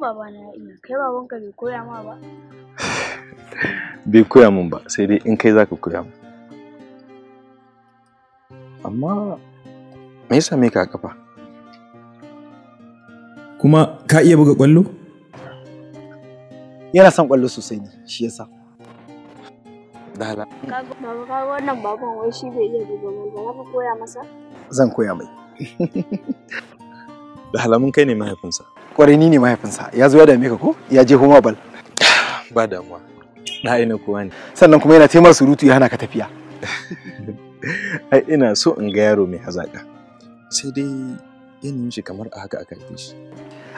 babana ya iya kai babanka bai koya min ba sai dai in kai zaka koya min amma me yasa me ka kafa kuma ka iya buga kwallo yana son kwallo sosai ne shi yasa zan koya mai da halamun kai ne mahaifinsa kwarai ni ne mahaifinsa ya zo ya dame ka ko ya je homa bal ba damuwa na ina kowa ne sannan kuma yana taimar surutu ya hana ka tafiya ai ina so in ga yaro mai hazaka sai dai yanayin shi kamar a haka aka haife shi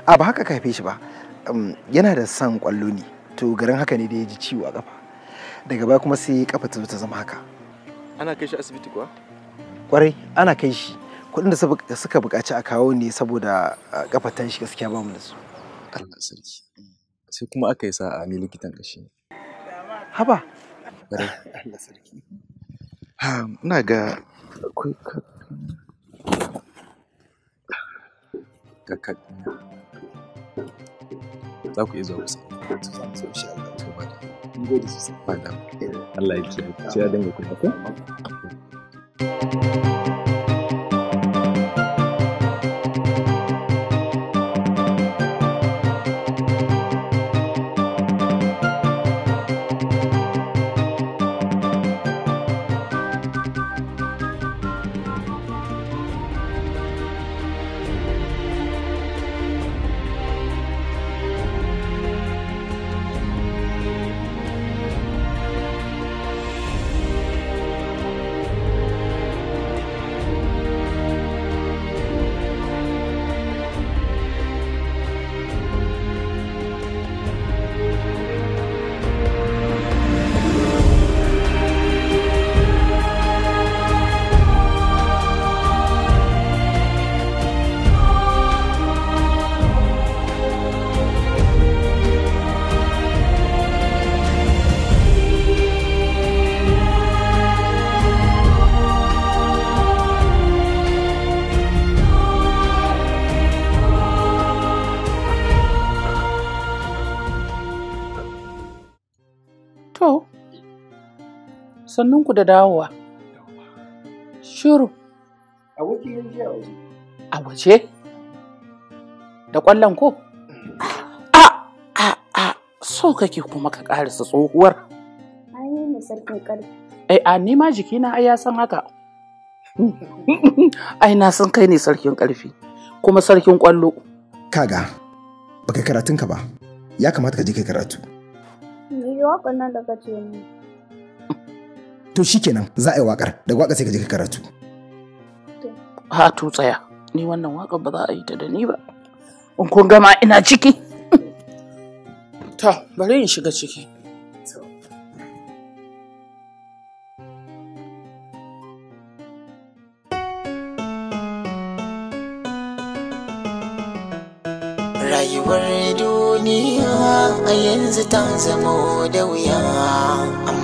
a ba haka ka haife shi ba yana da san kwallo ne to garin haka ne da ya ji ciwo a kafa daga baya kuma sai kafa ta zo ta zama haka ana kai shi asibiti kuwa kwarai ana kai shi kudin da suka buƙaci a kawo ne saboda kafatan shi gaskiya ba mu da su Allah sarki sai kuma aka yi sa'a ni likitan kashi haba Bare. Allah sarki Ha, ina ga akwai kakka za ku iya zuwa kusa zo Allah ya kiyaye sai a dinga kula ko Thank you. sannun ku da dawowa. Shiru. A waje yin a waje. A waje? Da ƙwallon ko? A, a, a, so kake kuma ka ƙarisa tsohuwar. Ai, ne sarkin ƙarfi. Ai, eh, a ni ma jikina ai ya san haka. Ai, na san kai ne sarkin ƙarfi, kuma sarkin ƙwallo. Kaga, baka karatunka ba, ya kamata ka je kai karatu. Ni yi waƙon nan da kace ne. to shi shikenan za a yi wakar da waka sai ka je ka karatu ha to tsaya ni wannan waka ba za a yi ta da ni ba in kun gama ina ciki ta bari in shiga ciki rayuwar duniya a yanzu ta zama da wuya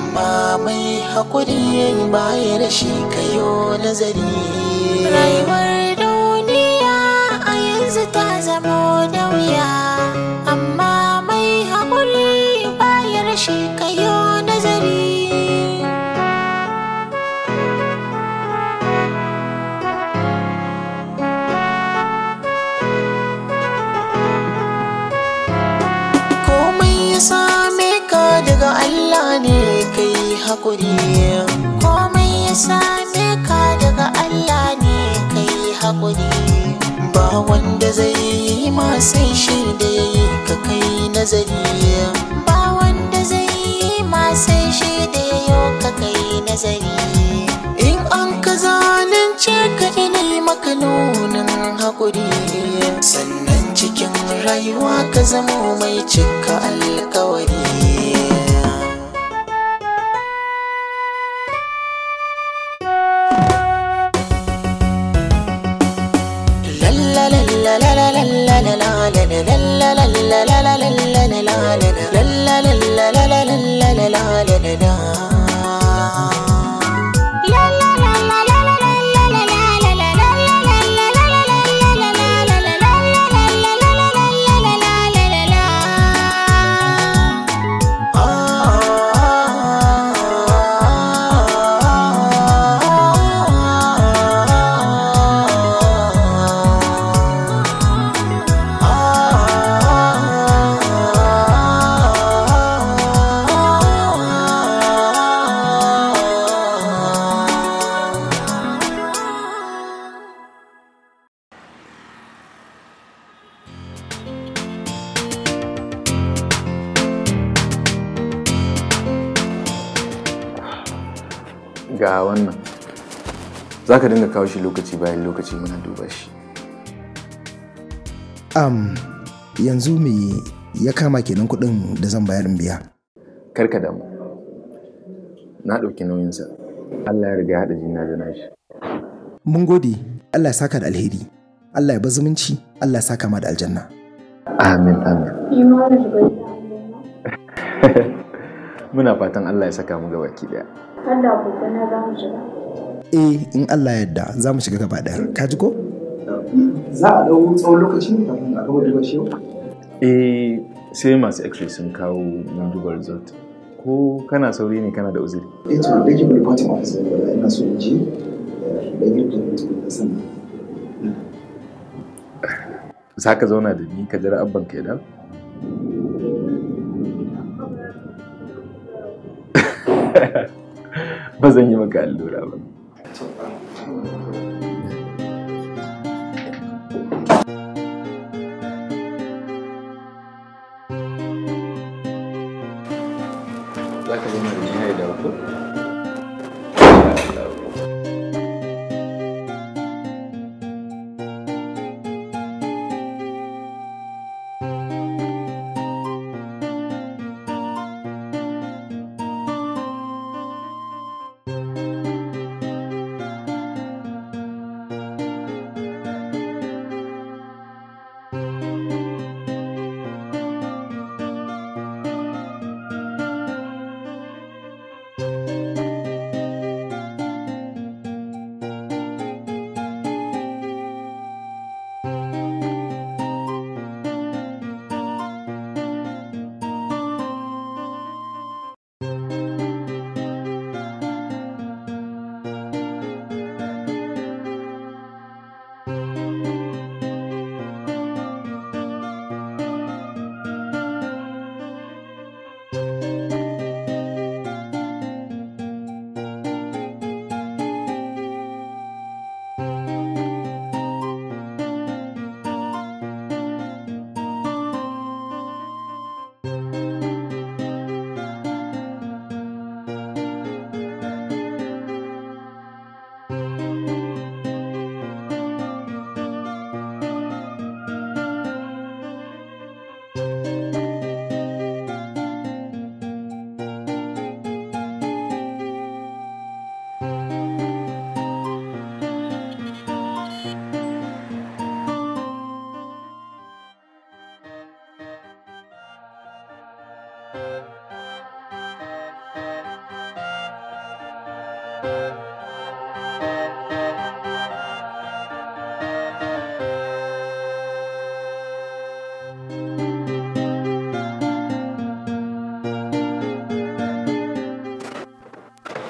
mai haƙuri baya da shi kayo nazari rayuwar duniya a yanzu ta zama da wuya haƙuri komai ya same ka daga Allah ne ka yi haƙuri ba wanda zai yi ma sai shi da ya yi ka kai nazari ba wanda zai yi ma sai shi da ya yi ka kai nazari in an ka zalunce ka ina maka nunin haƙuri sannan cikin rayuwa ka zama mai cika alkawari za ka dinga kawo shi lokaci bayan lokaci muna duba shi um, yanzu me ya kama kenan kuɗin da zan bayar in biya karka damu na ɗauki nauyinsa allah ya riga ya haɗa jina da nashi mun gode allah ya saka da alheri allah ya zumunci allah ya saka ma da aljanna amin amin muna fatan allah ya saka mu gaba ki daya Allah gobe na za mu shiga. eh in Allah yadda za mu shiga gaba ɗaya ka ji ko za a ɗau tsawon lokaci kafin a gama da shi eh sai masu x-ray sun kawo mun duba result ko kana sauri ne kana da uzuri eh to da ke reporting officer ina so in ji eh, da yin da za ka zauna da ni ka jira abban ka idan ba zan yi maka allura ba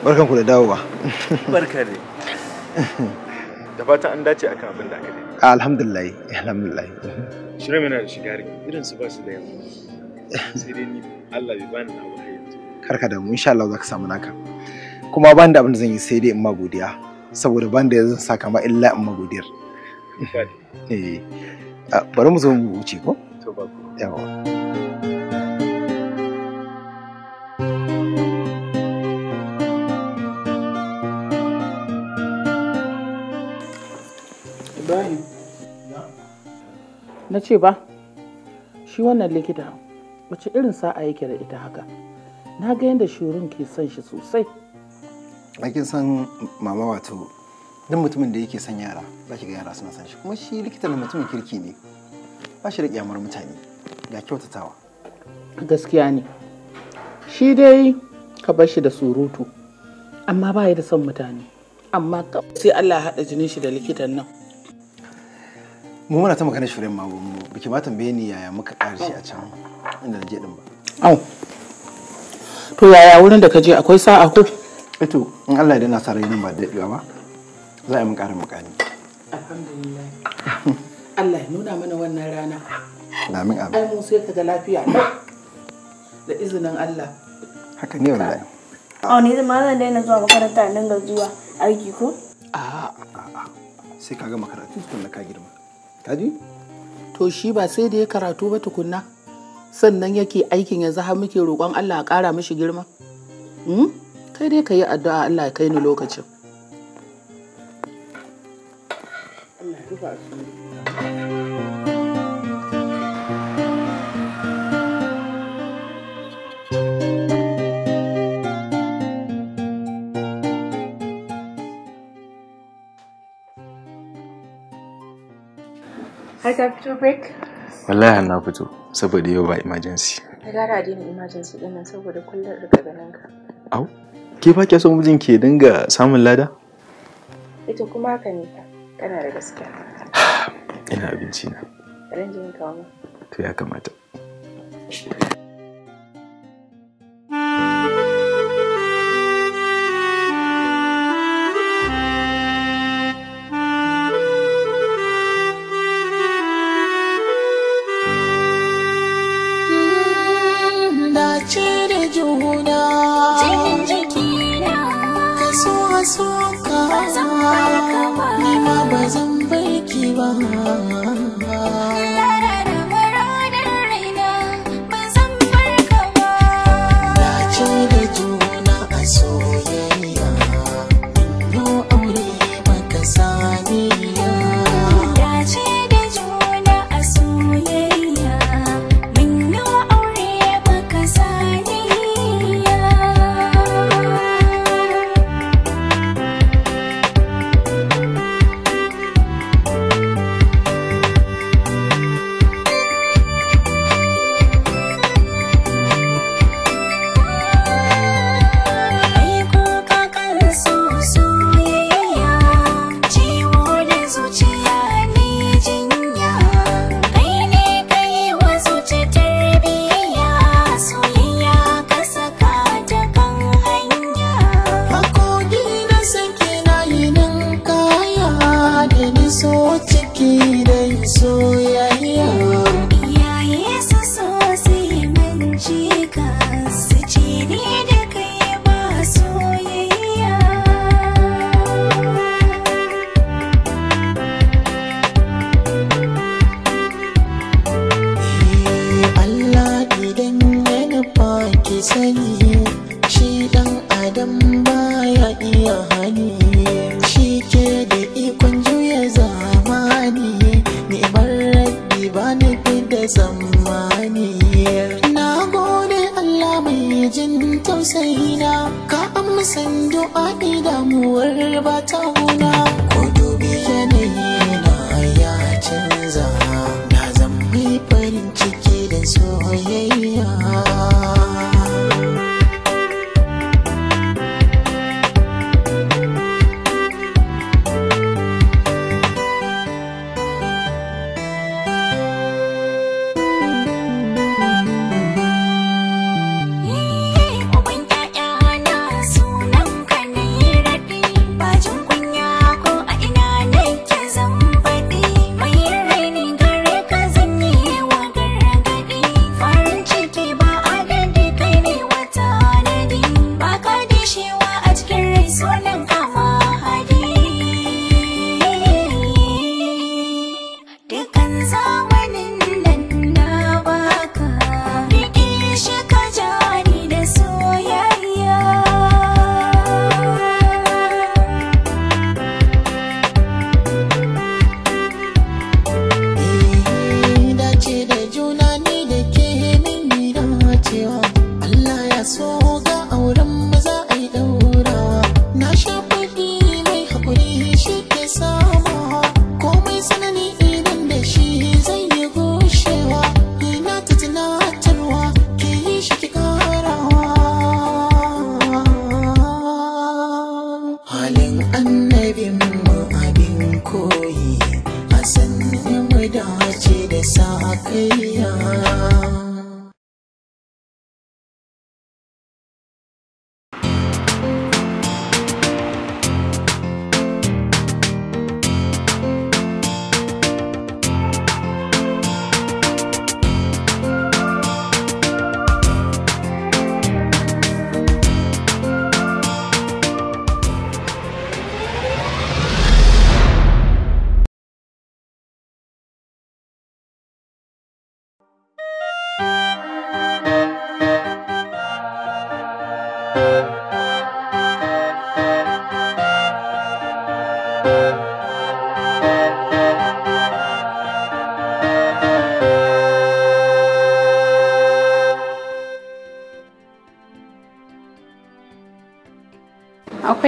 barkan ku da dawowa barka ne da fatan an dace akan abin da aka yi alhamdulillah alhamdulillah shirin yana da shiga irin su ba su da yawa sai dai ni Allah bai bani na wahayi yanzu karka da mu insha Allah za ka samu naka kuma ban da abin da zan yi sai dai in ma godiya saboda ban da zan saka ma illa in ma godiyar eh ah, bari mu zo mu wuce ko to ba ku yawa na ce ba shi wannan likita wace irin sa'a yake da ita haka na ga yadda shirin ke son shi sosai Aikin san mama wato duk mutumin da yake son yara za ki ga yara suna son shi kuma shi likita na mutumin kirki ne ba shi da kyamar mutane ga kyautatawa gaskiya ne shi dai ka bar shi da surutu amma ba ya da son mutane amma sai Allah haɗa jinin shi da likitan nan mu muna ta magana shirin magunmu mu biki ma tambaye ni yaya muka shi a can inda je din ba au to yaya wurin da ka je akwai sa'a ko eto eh in Allah ya dana sarai nan ba daɗewa ba za a yi mun ƙara ni. alhamdulillah Allah ya nuna mana wannan rana amin amin ai mu sai ka ga lafiya da izinin Allah haka ne wallahi a da zama zan daina zuwa makaranta nan ga zuwa aiki ko a'a sai ka ga makaranta tun da ka girma Kaji? To shi ba sai da ya karatu ba tukunna sannan yake aikin yanzu har muke roƙon Allah a ƙara mishi girma. Hmm? Kai dai ka yi addu'a Allah ya kai ni lokacin. Allah ya Kai ka fito break? Wallahi na fito saboda yau ba emergency. Ka gara daina emergency din nan saboda kullum daga ganin ka. Au, ke ba kya son mijin ke dinga samun lada? Ita kuma haka ne ka kana da gaskiya. Ina abinci na. ranjin kawo. To ya kamata. saina ka amma san du'a damuwar ba ta huna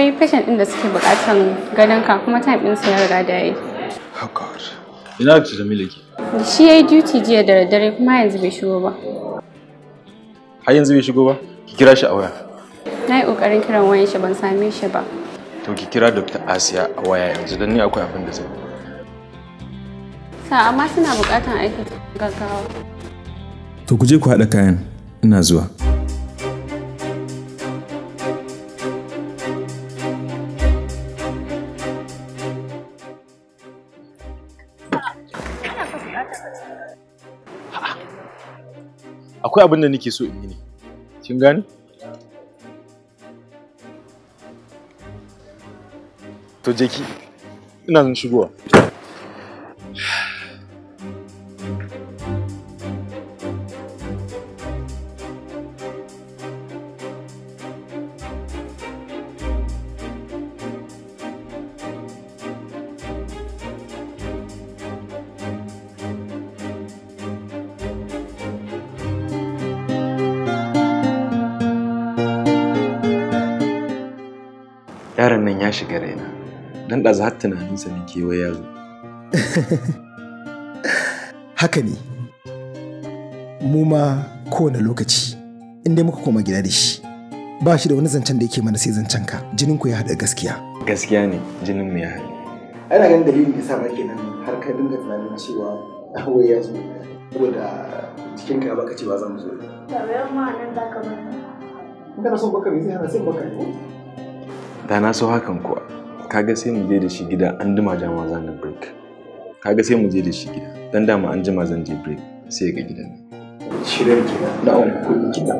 akwai patient ɗin da suke bukatan ganin ka kuma time su ya riga da yi. Oh God. Ina ki da miliki? Shi yayi duty jiya da daddare kuma yanzu bai shigo ba. Har yanzu bai shigo ba? Ki kira shi a waya. Na yi ƙoƙarin kiran wayan shi ban same shi ba. To ki kira Dr. Asiya a waya yanzu don ni akwai abin da zai Sa amma suna bukatan aiki gaggawa. To ku je ku haɗa kayan ina zuwa. akwai abin da nake so in yi ne kin gani. to jeki ina zan shigowa shiga raina don ɗazu har tunaninsa ne kewa ya zo haka ne mu ma kowane lokaci in dai muka koma gida da shi ba shi da wani zancen da yake mana sai zancen ka jinin ku ya haɗa gaskiya gaskiya ne jinin mu ya haɗa ana ganin dalilin da sa ba kenan har ka dinga tunanin cewa hawaye ya zo saboda cikin ka baka ce ba zan zo. Tawayen ma nan da ka baka. In kana son baka me zai hana sai baka ne. da na so hakan kuwa kaga sai mu je da shi gida an dima jama za na break kaga sai mu je da shi gida dan dama an jima zan je break sai ga gidan shirin gida da'on kuɗin gida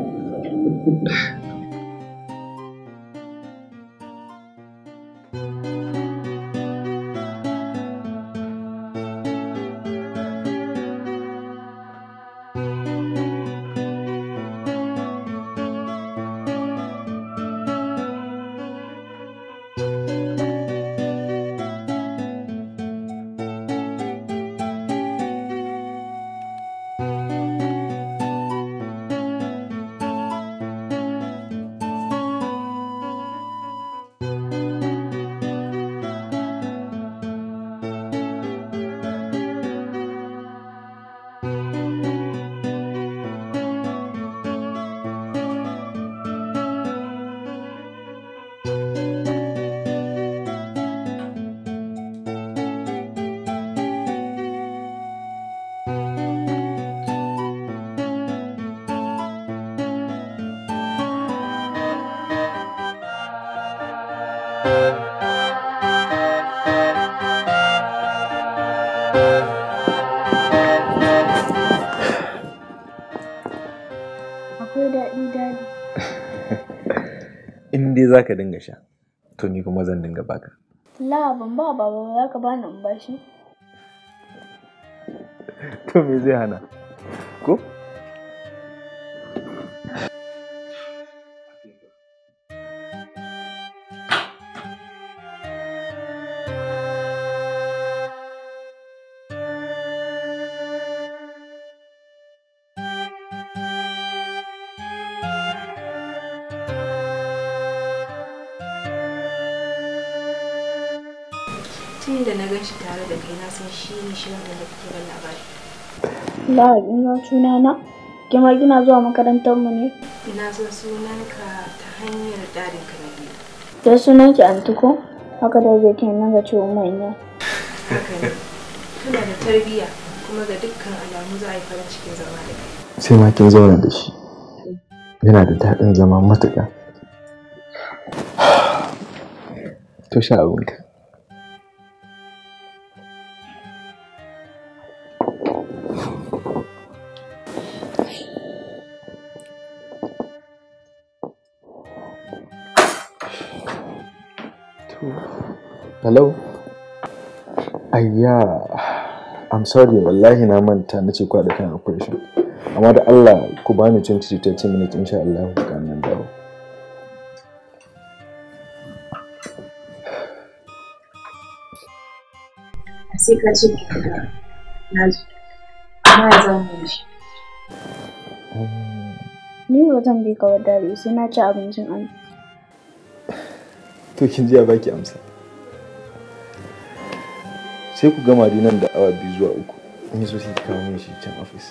za ka dinga sha to ni kuma zan dinga baka la ban ba baba za ka bani in bashi to me zai hana san shi ne da kake ban labari. suna na? Kima gina zuwa makarantar mu ne? Ina son sunanka ta hanyar dadin ka na biyu. Da sunan ki Antiko? Haka da zai ke nan ga ce umayya. Haka ne. Tana da tarbiyya kuma ga dukkan alamu za a yi farin cikin zama da kai. Sai ma kin zauna da shi. Yana da daɗin zama matuƙa. To sha abinka. Hello? Ayya, I'm sorry wallahi na manta na ce da kan operation. Amma da Allah ku bani 20 to 30 minutes insha Allah ku ga nan dawo. Sai ka ce na ji. Amma ya zama shi. Ni ba zan bi ka wadda sai na ci abincin an. To kin ji ya baki amsa. sai ku gama nan da awa biyu zuwa uku in so sai kawo min shi can ofis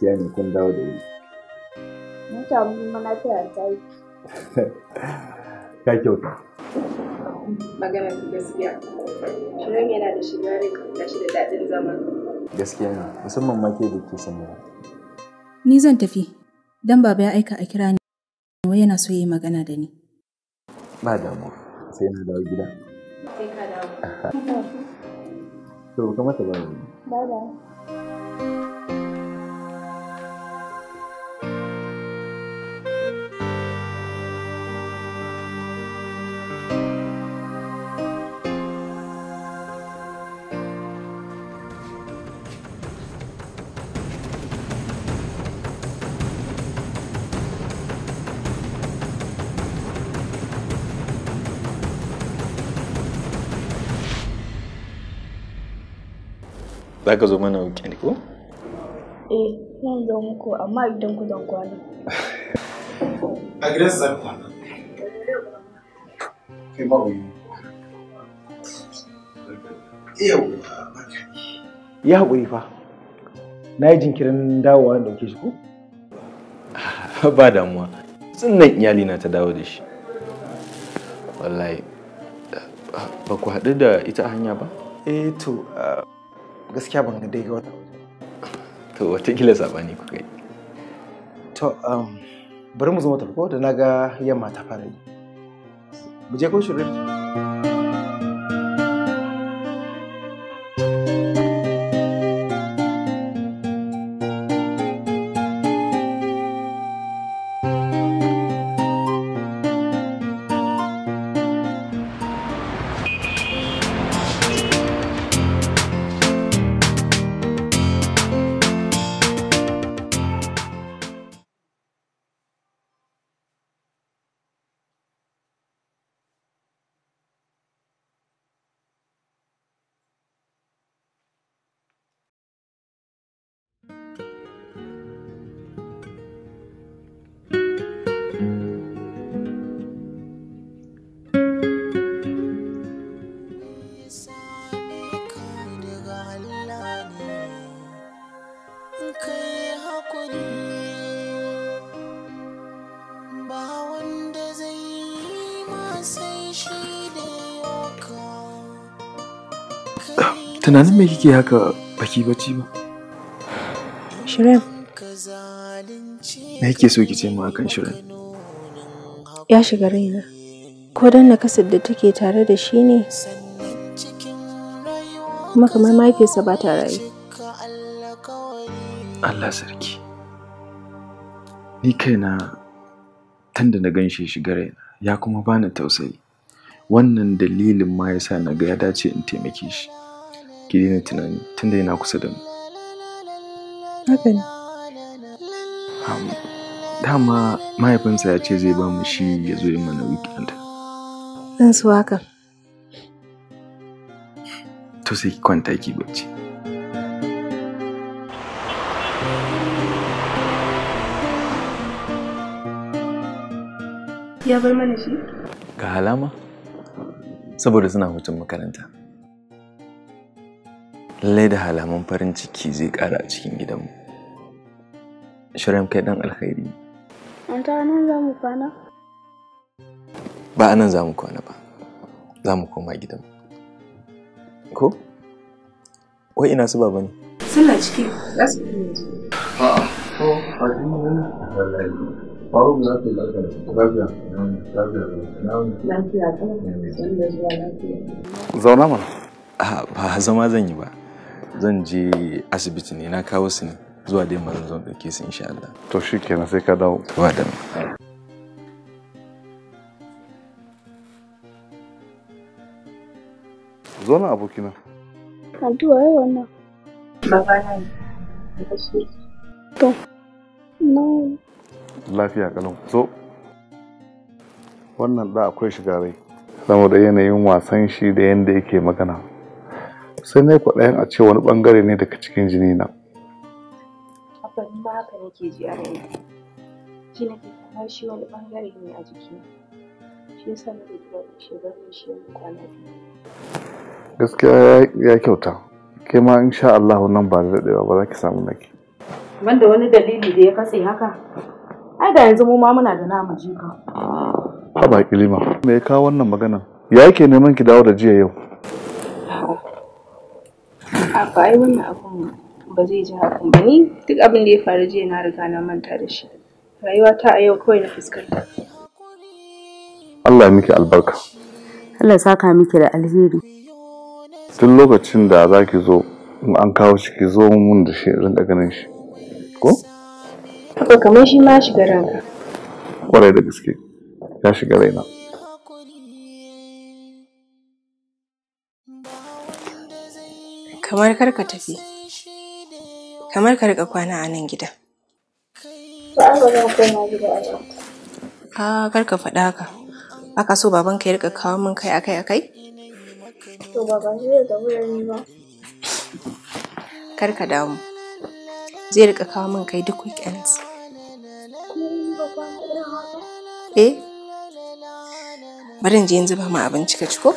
gaskiya ne kun dawo da wuri mun yi ka kyauta magana gaskiya shirin yana da shiga rai da shi da daɗin zama gaskiya ne musamman ma ke da ke sanya ni zan tafi dan baba ya aika a kira ni wai yana so yi magana da ni ba damuwa sai na dawo gida sai ka dawo to kamata ba ba ba za ka zo mana ne ko? eh nan zo muku amma idan ku zan kwana a gidan za ku kwana kai ba ku ya haƙuri fa na yi jinkirin dawowa da ɗauke shi ko? ba damuwa tsinnan iyali na ta dawo da shi wallahi ba ku haɗu da ita hanya ba? eh to gaskiya ban ga dai ga wata waje to watakila sabani ku kai to um bari mu zo mu tafi ko da naga yamma ta fara yi mu je ko shirin tunanin me kike haka baki bacci ba shirin me kike so ki ce mu akan shirin ya shiga raina ko dan na kasar da take tare da shi ne kuma kamar mahaifiyarsa ba ta rayu Allah sarki ni kaina tun da na ganshi shiga raina ya kuma bani tausayi wannan dalilin ma yasa na ga ya dace in taimake shi ki daina tunani tunda yana kusa da mu haka ne dama mahaifinsa ya ce zai ba mu shi ya zo yin mana weekend zan so haka to sai ki kwanta ki bacci ya bar mana shi? Ga halama? Saboda suna hutun makaranta. lallai da halaman farin ciki zai ƙara a cikin gidanmu shirin kai ɗan alkhairi an ta nan za mu kwana ba a nan za mu kwana ba za mu koma gidanmu ko wai ina su baba ne suna ciki za su fi yanzu a'a ko a cikin Faruk za ta zauna mana ba zama zan yi ba zan je asibiti ne na kawo su ne zuwa dai mazan zan ɗauke su insha Allah. To shi kenan sai ka dawo. Ba da Zo na abokina. Addu'a yau wannan. Baba na ne. To. Na. Lafiya kalau. Zo. Wannan da akwai shiga rai. Saboda yanayin wasan shi da yanda yake magana. sai na yi kwaɗayin a ce wani ɓangare ne daga cikin jini na. Abin ma haka nake ji a raina. Ji nake kamar shi wani ɓangare ne a jiki. Shi yasa nake kira da shi don shi ne kwana Gaskiya ya kyauta. Ke ma in sha Allah nan ba da daɗewa ba za ki samu naki. Wanda wani dalili da ya katse haka. Ai da yanzu mu ma muna da namu jika. Haba kilima. Me ya kawo wannan magana? Ya yake neman ki dawo da jiya yau? haba ai wannan abun ba zai ji hakan ba ni duk abin da ya faru jiya na riga na manta da shi rayuwa ta a yau kawai na fuskanta Allah ya miki albarka Allah ya saka miki da alheri duk lokacin da za ki zo in an kawo shi ki zo mun da shi rinka ganin shi ko haka kamar shi ma shiga ranka kwarai da gaske ya shiga raina kamar kar ka tafi kamar ka rika kwana a nan gida a kar ka faɗa ka aka so baban ka ya rika kawo min kai akai akai to baban zai da wurin ba kar ka damu zai rika kawo min kai duk weekends eh bari in je yanzu ba mu abinci ka ci ko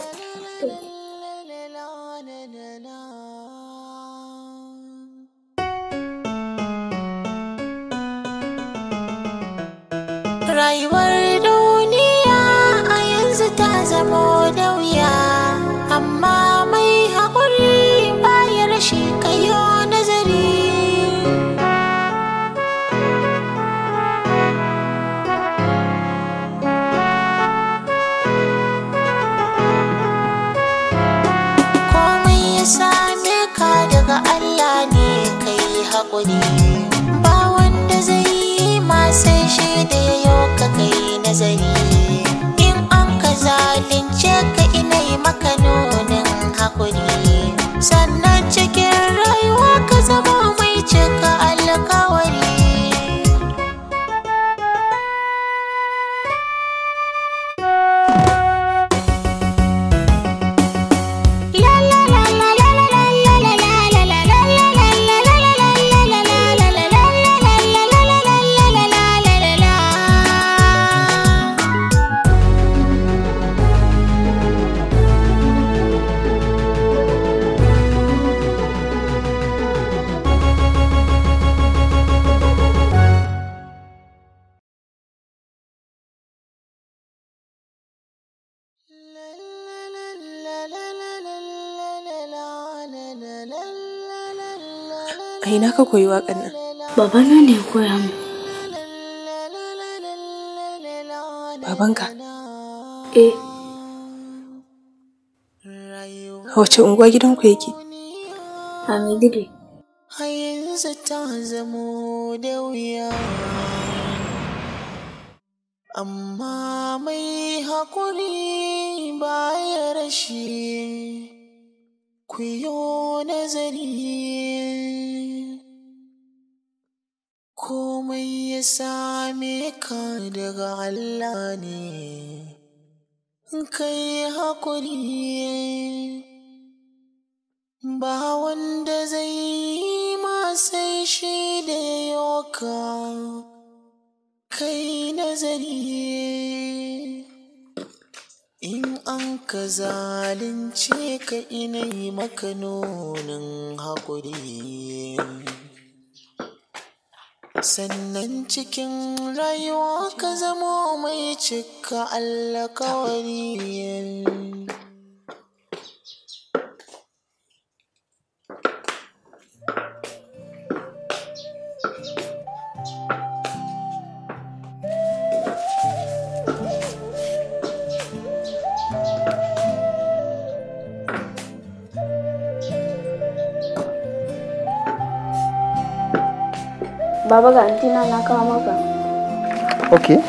ina ka koyi waƙan nan? Babana ne koya mu. Babanka? Eh. A wace unguwa gidanku yake? A Maiduguri. Hayanzu ta zamo da wuya. Amma mai haƙuri baya rashi, ku yi nazari. komai ya same ka daga Allah ne, kai haƙuri ba wanda zai yi ma sai shi da yoka kai nazari. In an ka zalunce ka inai maka nunin haƙuri. sannan cikin rayuwa ka zamo mai cika yanzu baba ga antina na kawo maka okay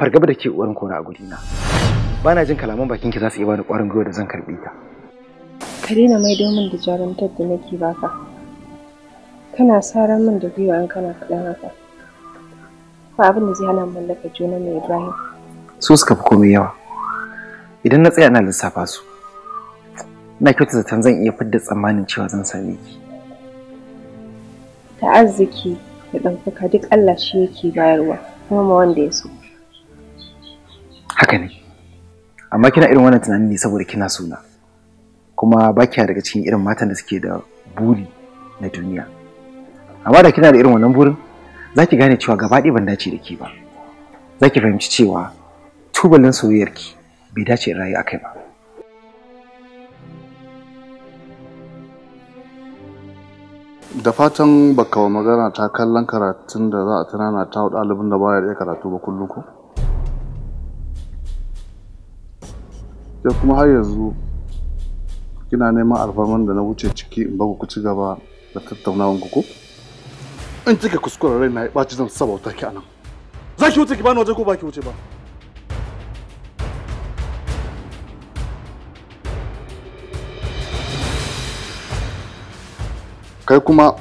fargaba da ke uwarin kora a gudina ba na jin kalaman bakin ki za su iya bani kwarin gwiwa da zan karɓe ta ka daina mai domin da jarumtar da nake baka kana sara min da gwiwa in kana faɗan haka ba abin da zai hana mallaka juna mai ibrahim su suka fi komai yawa idan na tsaya na lissafa su na kyautata zaton zan iya fidda tsammanin cewa zan same ki ta arziki da ɗanfuka duk allah shi yake bayarwa kuma ma wanda ya so haka ne amma kina irin wannan tunanin ne saboda kina suna kuma ba kiya daga cikin irin matan da suke da buri na duniya amma da kina da irin wannan burin za ki gane cewa gaba ɗaya ban dace da ke ba za ki fahimci cewa tubalin soyayyarki bai dace rayu a kai ba da fatan baka magana ta kallon karatun da za a tunana ta ɗalibin da baya iya karatu ba kullum ko? sai kuma har yanzu kina neman alfarman da na wuce ciki in baku ci gaba da tattaunawan ku ko in kika kuskura rai na ba ɓaci zan wata ki anan za ki wuce ki bani waje ko ba ki wuce ba kai kuma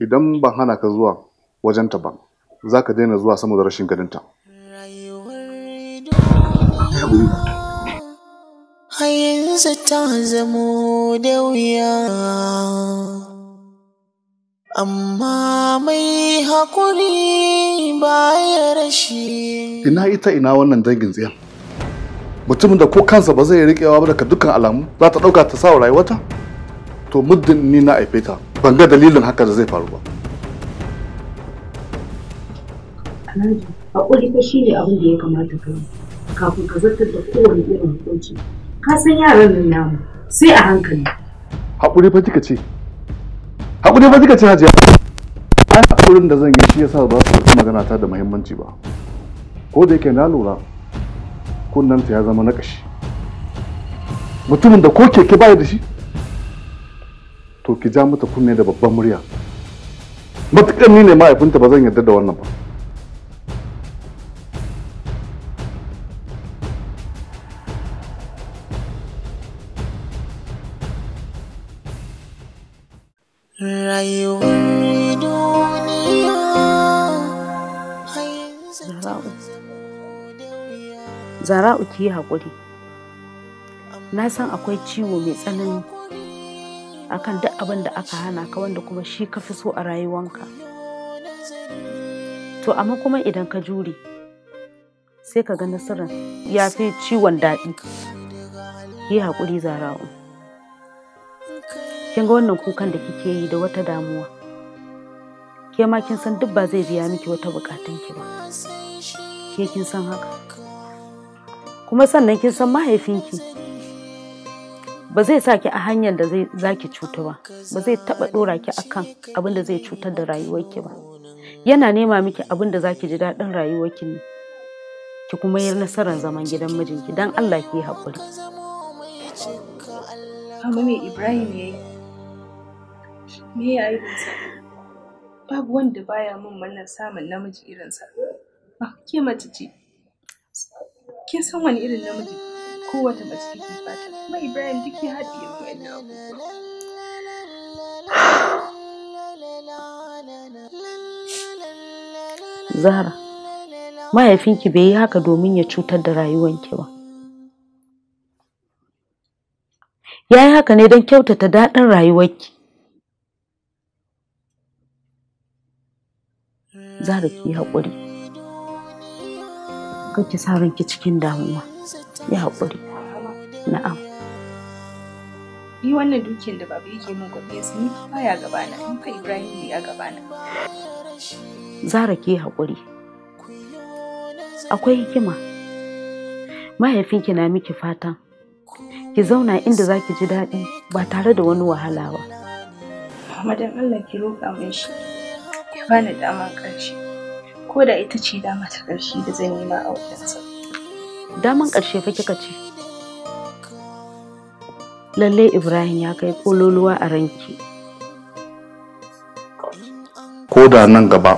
idan ban hana ka zuwa wajenta ba za ka daina zuwa saboda rashin ganinta ta zamo da mai baya rashi. Ina ita ina wannan dangin tsiyan. Mutumin da ko kansa ba zai riƙewa ba daga dukkan alamu za ta ɗauka ta sawa rayuwata? To muddin ni na haife ta ban ga dalilin haka da zai faru ba. Alhaji, haƙuri ko shi ne abin da ya kamata ka yi. kafin ka zartar da kowane irin hukunci ka san yaran nan namu sai a hankali haƙuri fa kika ce haƙuri fa kika ce hajiya ai haƙurin da zan yi shi yasa ba su magana ta da muhimmanci ba ko da yake na lura ta ya zama na ƙashi mutumin da ko keke baya da shi to ki ja mata kunne da babban murya matuƙar ni ne mahaifinta ba zan yarda da wannan ba rayuwar duniya zara'u ki yi haƙuri na san akwai ciwo mai tsanani akan duk abin da aka hana ka wanda kuma shi ka fi so a rayuwanka to amma kuma idan ka jure sai ka ga nasarar ya fi ciwon daɗi yi hakuri zara'u kin ga wannan kukan da kike yi da wata damuwa ke ma kin san duk ba zai biya miki wata bukatun ki ba ke kin san haka kuma sannan kin san mahaifinki ba zai sa ki a hanyar da za ki cutu ba ba zai taba dora ki akan abin da zai cutar da rayuwarki ba yana nema miki abin da za ki ji daɗin rayuwarki ne ki kuma yi nasarar zaman gidan mijinki don Allah ki yi haƙuri. Ibrahim ya yi? me ya aibinsa babu wanda baya min mana samun namiji irinsa ba ah, ke mace ce kin san wani irin namiji kowace mace ke fata kuma ibrahim duk ya haɗe ya wani abubuwa zahra mahaifinki bai yi haka domin ya cutar da rayuwanki ba ya yi haka ne don kyautata daɗin rayuwarki zara ki haƙuri kake sa ranki cikin damuwa ya haƙuri na'am ni wannan dukiyar da babu yake min gobe su ni baya gabana in ka Ibrahim ya gabana zara ki haƙuri akwai hikima mahaifinki na miki fatan ki zauna inda zaki ji daɗi ba tare da wani wahala ba. Mamadan Allah ki roƙa mai shi. bani daman ƙarshe ko da ita ce dama ta ƙarshe da zan yi ma wajensa daman ƙarshe fa kika ce lallai ibrahim ya kai kololuwa a ranki ko da nan gaba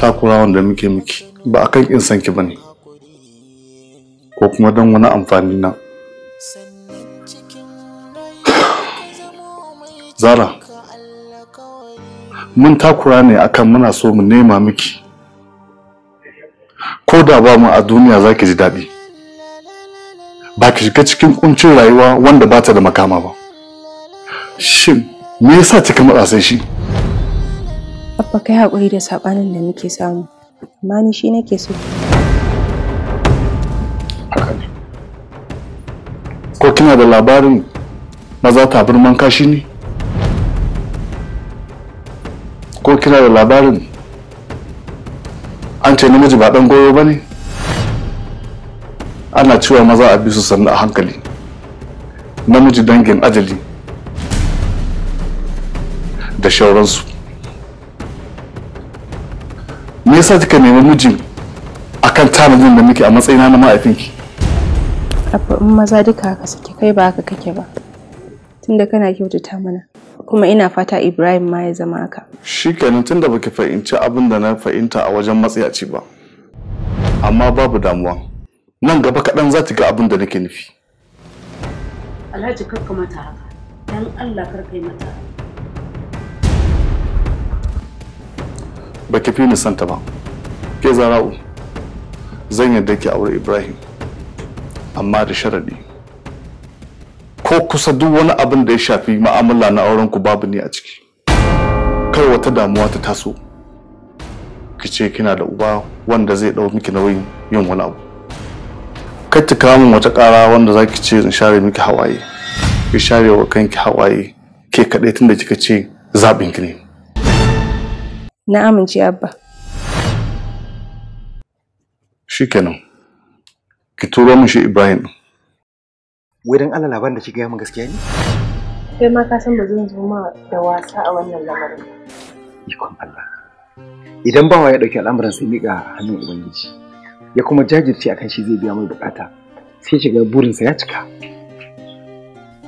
takura wanda muke miki ba a kan in sanki ba ko kuma don wani amfani na zara mun takura ne akan muna so mu nema miki ko da ba mu a duniya za ki ji daɗi ba ki shiga cikin kuncin rayuwa wanda ba ta da makama ba shin me yasa kika matsa sai shi abba kai haƙuri da saɓanin da muke samu amma ni shi nake so ko kina da labarin maza tabarman kashi ne ko kina da labarin an ce namiji ba ɗan goyo ba ne ana cewa maza a bisu sannu a hankali namiji dangin ajali da shauransu me yasa kika nemi mijin akan tanadin da muke a matsayina na ma'aikinki? abu in maza duka haka suke kai ba haka kake ba tunda kana kyautata mana kuma ina fata ibrahim ma ya zama haka shi kenan tunda baki fahimci abin da na fahimta a wajen matsayaci ba amma babu damuwa nan gaba kaɗan za ta ga abin da nake nufi alhaji karka mata haka dan allah karka yi mata baki fi ni ba ke zara'u zan yarda ke aure ibrahim amma da sharadi ko kusa duk wani abin da ya shafi ma'amala na auren ku babu ni a ciki kai wata damuwa ta taso ki ce kina da uba wanda zai dau miki nauyin yin wani abu kar ta kawo min wata kara wanda za ki ce in share miki hawaye ki share wa kanki hawaye ke kaɗai tunda kika ce zabin ki ne na amince abba shikenan ki turo min shi ibrahim wai dan Allah labarin da shi gaya min gaskiya ne kai ma ka san ba zan zo ma da wasa a wannan lamarin ikon Allah idan bawa ya dauki al'amuran sai mika hannun ubangiji ya kuma jajirce akan shi zai biya mai bukata sai shiga burinsa ya cika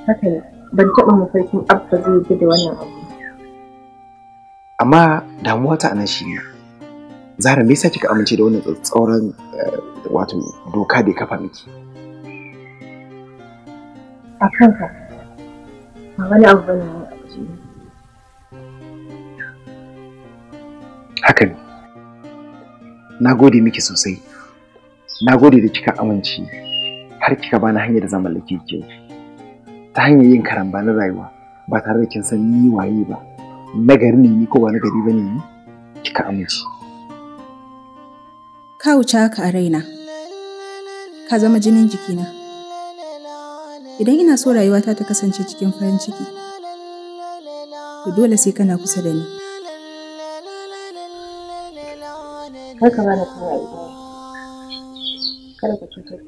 haka ne ban taɓa mafarkin abba zai yi da wannan abu amma damuwa ta anan shi ne zara me yasa kika amince da wannan tsauran eh, wato doka da ya kafa miki a kanka ba wani abu bane a haka ne na gode miki sosai na gode da kika amince har kika bani hanyar da zama lake ke ta hanyar yin karamba na rayuwa ba tare da kin san ni waye ba nagari ne ni ko ba nagari ba ne ni kika amince ka wuce haka a raina ka zama jinin jikina Idan ina so rayuwata ta kasance cikin farin ciki, to dole sai kana kusa da ni. Kar ka Kada ka cutar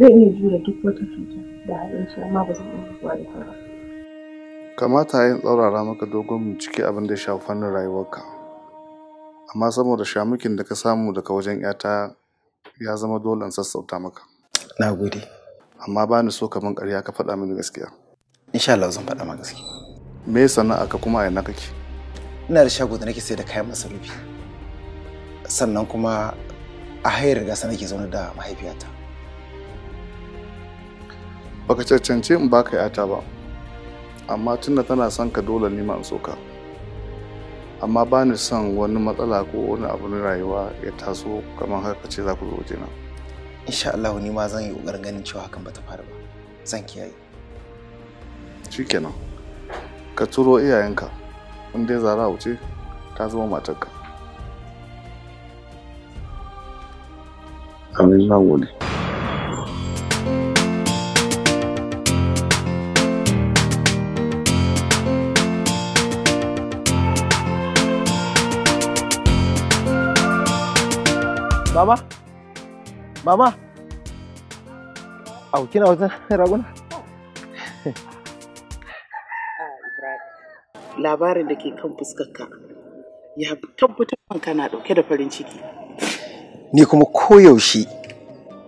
zai iya jure duk wata cuta da amma ba zan iya ba. Kamata yin tsaurara maka dogon bincike abin da ya shafi fannin rayuwarka. Amma saboda shamukin da ka samu daga wajen 'yata ya zama dole in sassauta maka. Na gode. amma ba ni so ka min ƙarya ka faɗa mini gaskiya insha Allah zan faɗa ma gaskiya me sana'a ka kuma a kake ina da shago da nake sai da kayan masarufi sannan kuma a hayar riga sana ke zaune da mahaifiyata baka cancance in baka yata ba amma tunda tana son ka dole ne ma in so ka amma ba ni son wani matsala ko wani abu na rayuwa ya taso kamar haka ce za ku zo wajena. insha Allah ni ma zan yi ƙoƙarin ganin cewa hakan ba ta faru ba zan kiyaye shikenan ka turo iyayenka in dai zara wuce ta zama matarka amin na gode Baba, Mama! Au, kina wajen raguna? Ah, labarin da ke kan fuskarka ya tabbatar kana ɗauke da farin ciki. Ni kuma koyaushe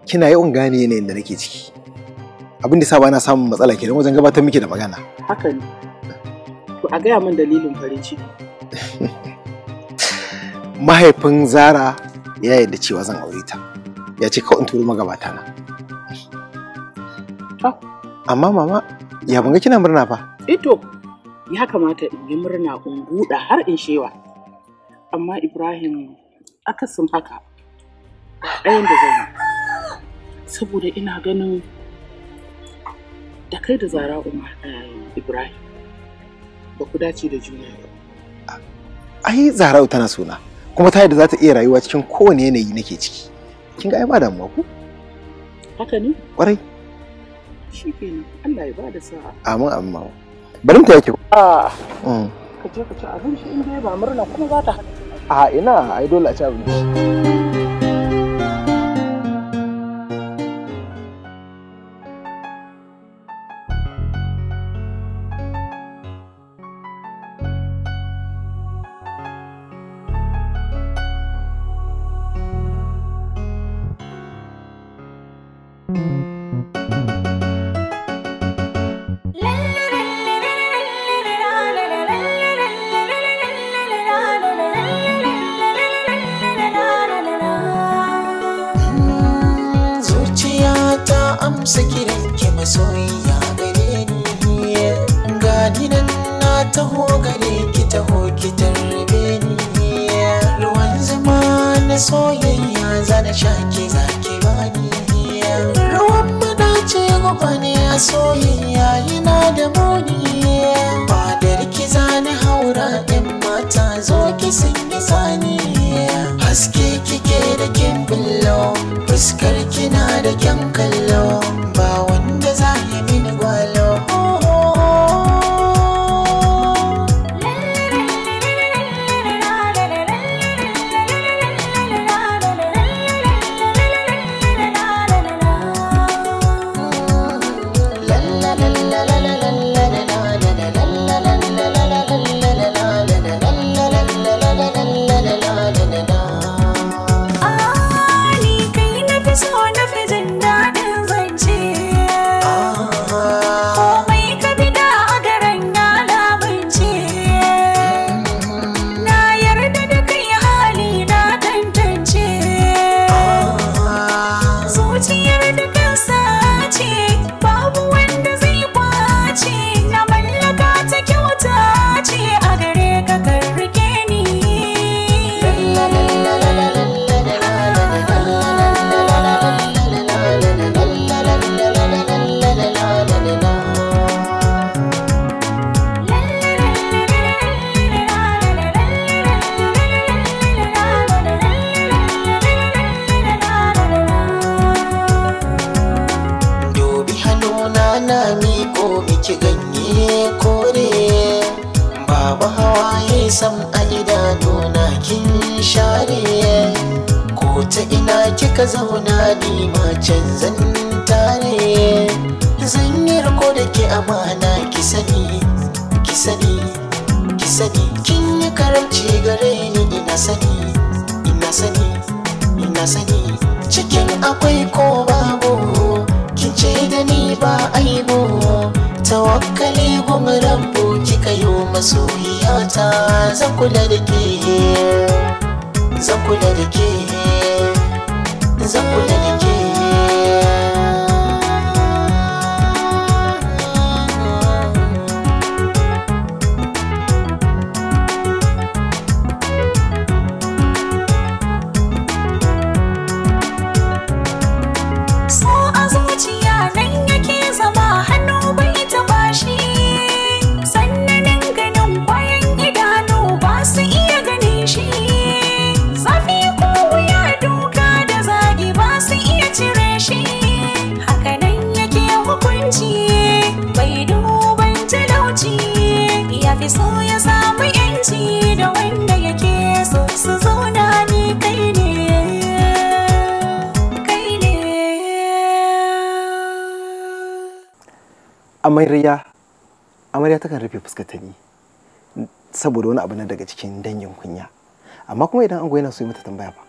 kina yawan gane yanayin da nake ciki. Abin da sa ba na samun matsala kenan wajen gabatar miki da magana. Haka ne. To a gaya min dalilin farin ciki. Mahaifin Zara ya yarda cewa zan aure ta. ya ce kawai in turo magabata na amma mama ya bunga kina murna fa ito eh ya kamata in yi murna in buɗa har in shewa amma ibrahim akasin haka ɗayan da zai saboda ina ganin da kai da zara umar eh, ibrahim ba ku dace da juna ba ai zara tana suna kuma ta yadda za ta iya rayuwa cikin kowane yanayi nake ciki kin ga ai ba damuwa ku haka ne kwarai shi kenan Allah ya bada sa'a amin amma bari mu yake a mm. ka je ka ci abinci in dai ba murna kuma za ta a ina ai dole a ci abinci fuskar kina da kyan so ya samu yanci da wanda yake so su zauna ni kai ne kai ne amarya amarya takan rufe fuskata ne saboda wani abu na daga cikin dangin kunya amma kuma idan ango yana so yi mata tambaya ba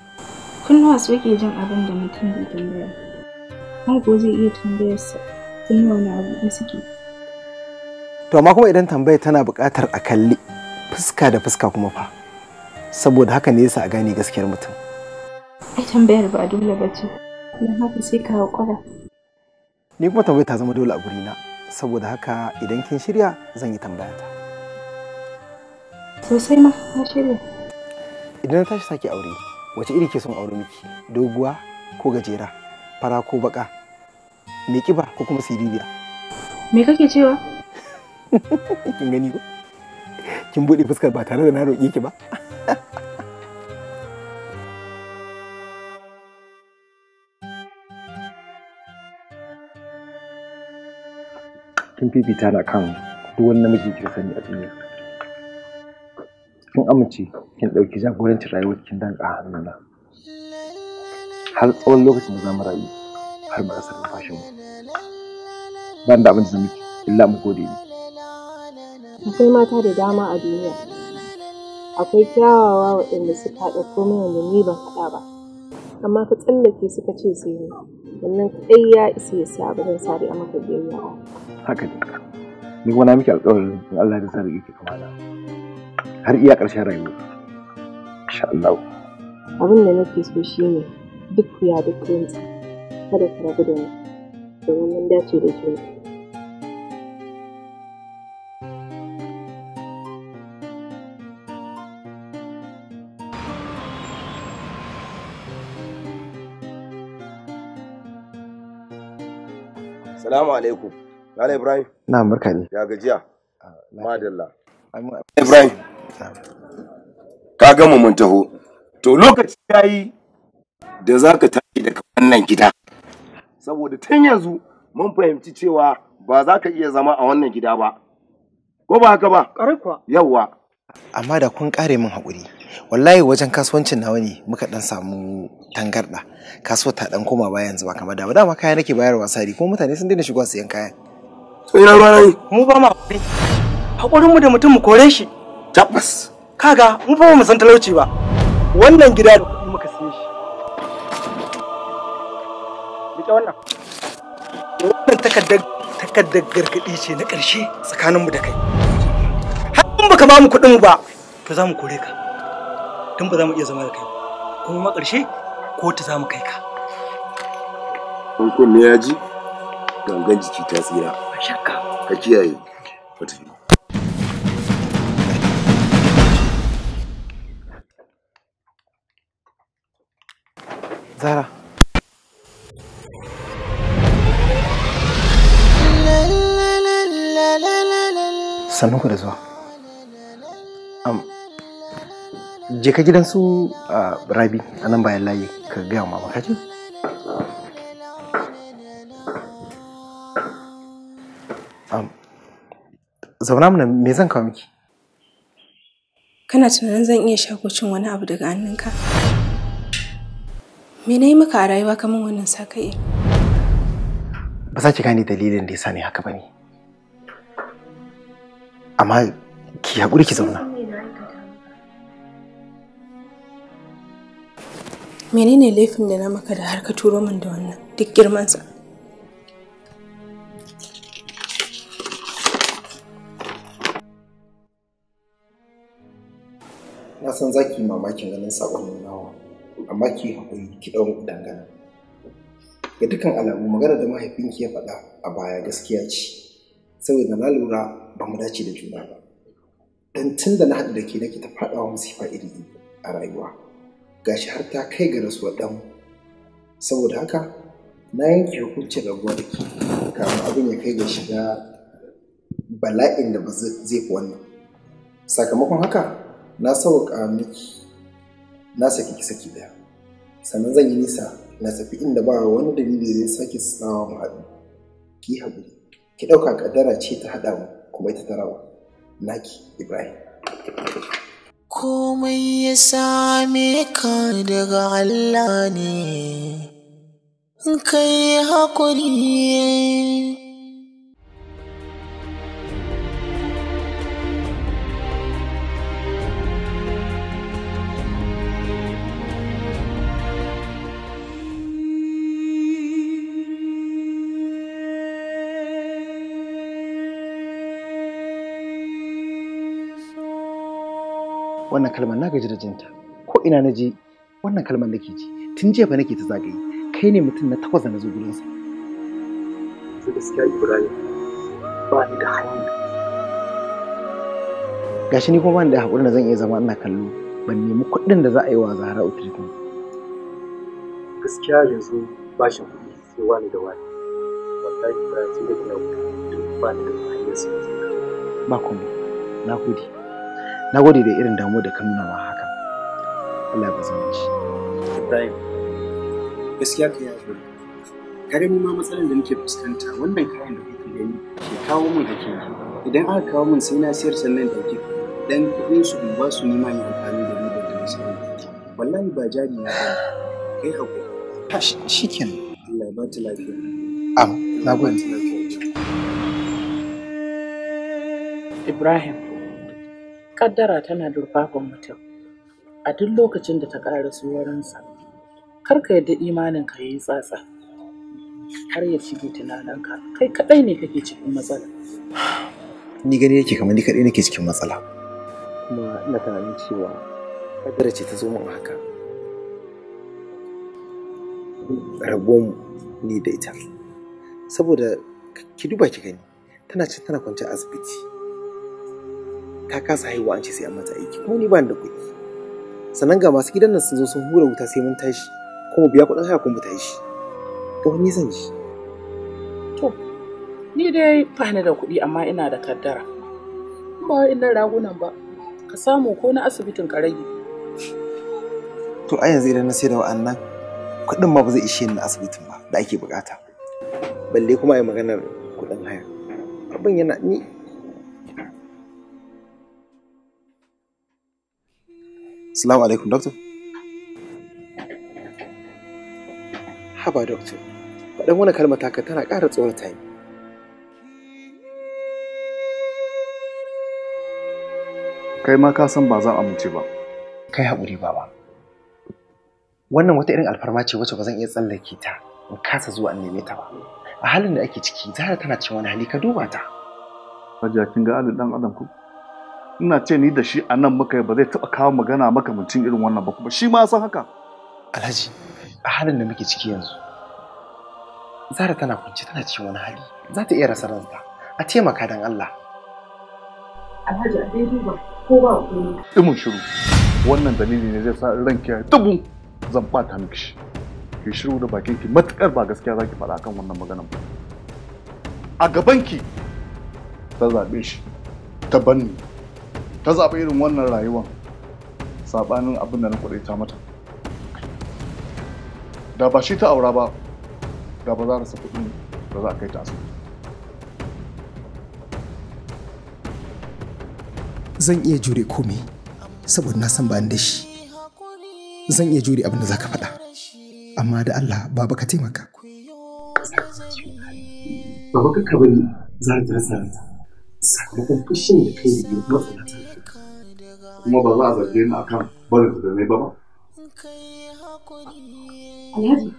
kunnuwa su yake jin abin da mutum bai tambaya ango zai iya tambayarsa kunnuwa na abu da suke to amma kuma idan tambayar tana buƙatar a kalli fuska da fuska kuma fa saboda haka ne yasa a gane gaskiyar mutum ai tambayar ba dole ba ce don haka sai ka haƙura ni kuma tambayar ta zama dole a guri na saboda haka idan kin shirya zan yi tambaya ta sosai ma na shirya idan na tashi sake aure wace iri ke son aure miki doguwa ko gajera fara ko baka me kiba ko kuma siririya me kake cewa kin gani ko kin bude fuskar ba tare da na roƙe ki ba kin fifita na kan duk wani namiji ke sani a duniya kin amince kin ɗauki jagorancin rayuwar kin danka a hannuna har tsawon lokacin da za mu rayu har a sarrafa shi mu ban da abin da zan yi illa mu gode ne Akwai mata da dama a duniya. Akwai kyawawa waɗanda suka haɗa komai wanda ni ban faɗa ba. Amma ka tsallake suka ce sai ne Wannan kaɗai ya isa ya sa ba zan sare a maka biyayya ba. Haka ne. Ni kuma na miki alƙawarin in Allah ya sa ki kuma na Har iya ƙarshen rayuwa. Insha Allah. Abin da nake so shine duk ya duk rinsa. Kada ka rabu da ni. Domin mun dace da juna. Salamu alaikum. Lala Ibrahim. Na barka ne. Ya gajiya. Ah, Madalla. Ibrahim. Ka gama mun taho. To lokaci yayi da za ka tashi daga wannan gida. Saboda tun yanzu mun fahimci cewa ba za ka iya zama a wannan gida ba. Ko ba haka ba? Ƙarƙwa. Yawwa. amma da kun kare min haƙuri wallahi wajen kasuwancin nawa ne muka dan samu tangarɗa kasuwar ta dan koma baya yanzu ba kamar da ba dama kayan nake bayarwa sari kuma mutane sun daina shigowa yan kayan to ina ruwa nayi mu ba ma haƙuri haƙurin mu da mutum mu kore shi tabbas kaga mu ba mu san talauci ba wannan gida da kuɗi muka siye shi rike wannan wannan takardar takardar gargaɗi ce na ƙarshe tsakaninmu da kai baka ba mu kuɗin mu ba to za mu kore ka tun ba za mu iya zama da kai kuma ma ko ta za mu kai ka in kunne ya ji gangan jiki ta tsira ka kiyaye ka tafi Zara. Sannu da zuwa. um, je ka gidan su uh, rabi a nan bayan layi ka gaya mama ka ce? um, zauna mana me zan kawo miki kana tunanin zan iya shagocin wani abu daga hannunka me na yi maka a rayuwa kamar wannan sa-kai? ba za ki gane dalilin da ya sa ni haka ba ne amma ki haƙuri ki zauna menene laifin da na maka da har ka turo min da wannan duk girmansa na san za mamakin ganin saƙon nawa amma ki haƙuri ki ɗau dangana ga dukkan alamu magana da mahaifinki ya faɗa a baya gaskiya ce saboda na lura ba mu dace da juna ba dan tun da na haɗu da ke nake ta faɗawa musifa iri a rayuwa gashi har ta kai ga rasuwar ɗan saboda haka na yanke hukuncin rabuwa da ke kafin abin ya kai ga shiga bala'in da ba zai fi wannan sakamakon haka na sauƙa miki na saki ki saki ɗaya sannan zan yi nisa na tafi inda ba wani dalili zai sake tsawa mu haɗu ki haɗu ki ɗauka ƙaddara ce ta haɗa mu kuma ita tarawa naki ibrahim komai ya same ka daga Allah ne, kai haƙuri. wannan kalmar na gaji da jinta ko ina na je wannan kalmar nake ji tun jiya fa nake ta zagaye kai ne mutum na takwas da na zo gurinsa yanzu gaskiya ibrahim ba ni da hanya gashi ni kuma ba ni da haƙurin da zan iya zama ina kallo ban nemi kuɗin da za a yi wa zahara utirkin gaskiya yanzu bashin kuɗi sai wani da wani wallahi ibrahim sai da kuna ba ni da hanyar sun ba komai na gode na gode da irin damu da kan nuna ma haka Allah ya bazan ci Ibrahim gaskiya ka yi ka gani ma matsalar da muke fuskanta wannan kayan da kuke gani ke kawo min ake idan aka kawo min sai na siyar sannan da ke dan kuɗin su ba su nima yin amfani da ni da na samu wallahi ba jari na ba kai hakuri shikenan Allah ya ba ta lafiya am na gode Ibrahim Kaddara tana durfafan mutum a duk lokacin da ta ƙara tsoronsa Kar ka yadda imanin ka yi tsatsa har ya shige tunaninka kai kaɗai ne kake cikin matsala. Ni gani yake kamar ni kaɗai nake cikin matsala. Kuma na tunanin cewa kaddara ce ta zo min haka. Rabon ni da ita. Saboda ki duba ki gani tana can tana kwanci asibiti. ta kasa haihuwa an ce sai an mata aiki kuma ni ba da kuɗi sannan ga masu gidan nan sun zo sun hura wuta sai mun tashi kuma biya kuɗin haya kuma tashi to wani zan ji to ni dai ba da kuɗi amma ina da kaddara ba wa'innan ragunan ba ka samu ko na asibitin karagi to a yanzu idan na sai da wa'annan kuɗin ma ba zai ishe ni na asibitin ba da ake bukata balle kuma a yi maganar kuɗin haya abin yana ni Salamu alaikum, Doctor. Haba, Doctor. faɗan wani kalmar taka tana ƙara ta yi. Kai ma ka san ba za a amince ba. Kai haƙuri, baba. Wannan wata irin alfarma ce wacce ba zan iya tsallake ta in kasa zuwa in neme ta ba. A halin da ake ciki, Zara tana cin wani hali ka duba ta. Hajiya kin ga alin ɗan adam ku? ina ce ni da shi a nan muka ba zai taɓa kawo magana mutum irin wannan ba kuma shi ma san haka alhaji a halin da muke ciki yanzu zara tana kwanci tana cikin wani hali za ta iya rasa ranta a taimaka dan allah alhaji a daidai duba ko ba ku imin shiru wannan dalili ne zai sa ranki ya dubu zan bata miki shi ki shiru da bakin ki matukar ba gaskiya zaki faɗa kan wannan maganan ba a gaban ki ta zaɓe shi ta banni ta zaɓi irin wannan rayuwar saɓanin abin da na ta mata da ba shi ta aura ba da ba za rasa kuɗin da za a kai ta asibiti zan iya jure komai saboda na san ba da shi zan iya jure abin da za ka faɗa amma da Allah baba ka taimaka baba ka bari za ta rasa sakamakon fushin da kai da biyu matsala kuma ba za a zarge ni akan barin da ne ba ba. Alhaji,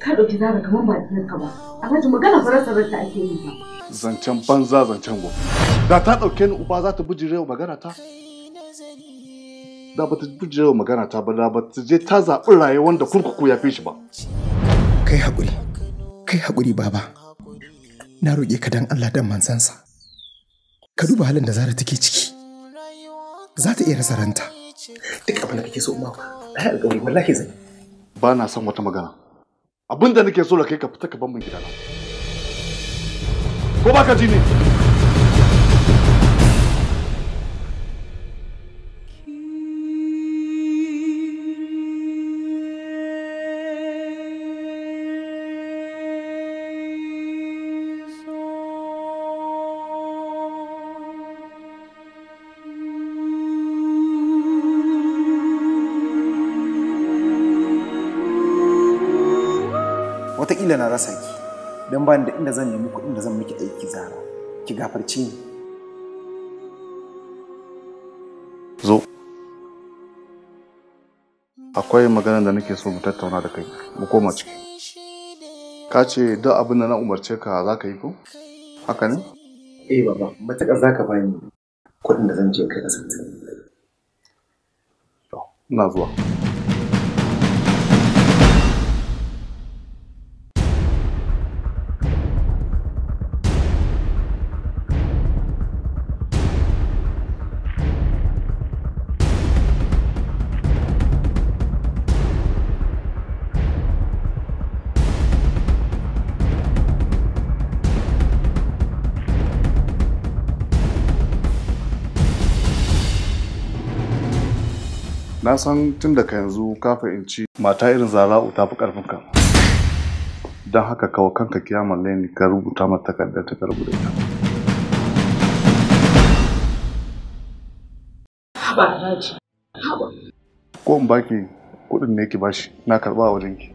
ka ɗauki zara kamar ba ka ba. Alhaji magana faransa rasa ake yi ba. Zancen banza zancen gobe. Da ta ɗauke ni uba za ta wa magana ta? Da ba ta bijirewa magana ta ba da ba ta je ta zaɓi rayuwar da kurkuku ya fi shi ba. Kai haƙuri, kai haƙuri baba. Na roƙe ka dan Allah dan manzansa. Ka duba halin da Zara take ciki. za ta iya rasa ranta duk abin da kake so umma ai alƙawari wallahi zan ba na son wata magana abin da nake so da kai ka fita ka bar min gidana ko ba ka ji ne ban da inda zan nemi kuɗin da zan miki aiki zara ki gafarci ni zo akwai magana da nake so mu tattauna da kai mu koma ciki ka ce duk abin da na umarce ka za ka yi ko haka ne eh baba matuƙar za ka bani kuɗin da zan je kai asibiti ina zuwa san tun da ka yanzu ka fahimci mata irin zara'u ta fi ƙarfinka don haka kawo kanka kiya laini ka rubuta mata takardar ta karbu da ita ko in baki kuɗin ne ki bashi na karba a wajenki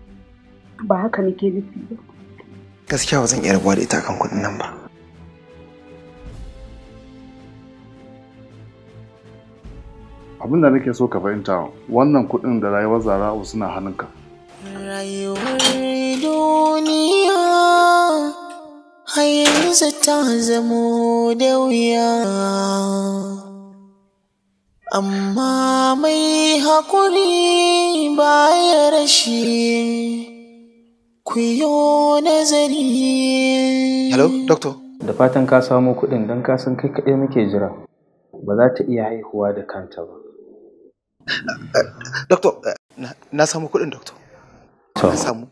ba haka nake nufi ba gaskiya ba zan iya rabuwa da ita kan kudin nan ba abin da nake so ka fahimta wannan kuɗin da rayuwar zara'u suna hannunka rayuwar duniya har ta zamo da wuya amma mai haƙuri baya rashi kuyo nazari hello doctor da fatan ka samo kuɗin don kasan kai kaɗai muke jira ba za ta iya haihuwa da kanta ba Doktor, eh, na samu kuɗin doktor. Na samu.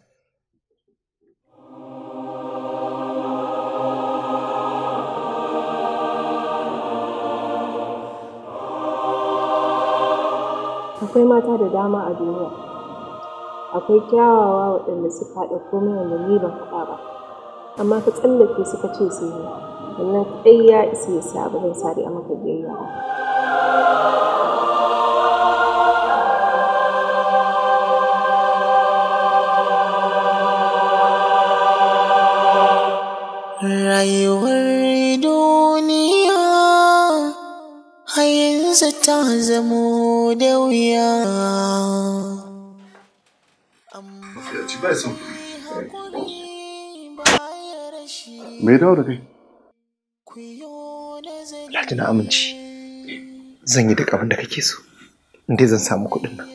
akwai mata da dama a duniya akwai kyawawa waɗanda suka haɗa komai wanda ni ban faɗa ba amma ka tsallake suka ce su yi wannan ɗaya ya isa ya sa abin sari a maka biyayya rayuwar duniya a yanzu ta zamo da wuya Me dawo da kai? Lati na amince zan yi duk abin da kake so inda zan samu kuɗin nan.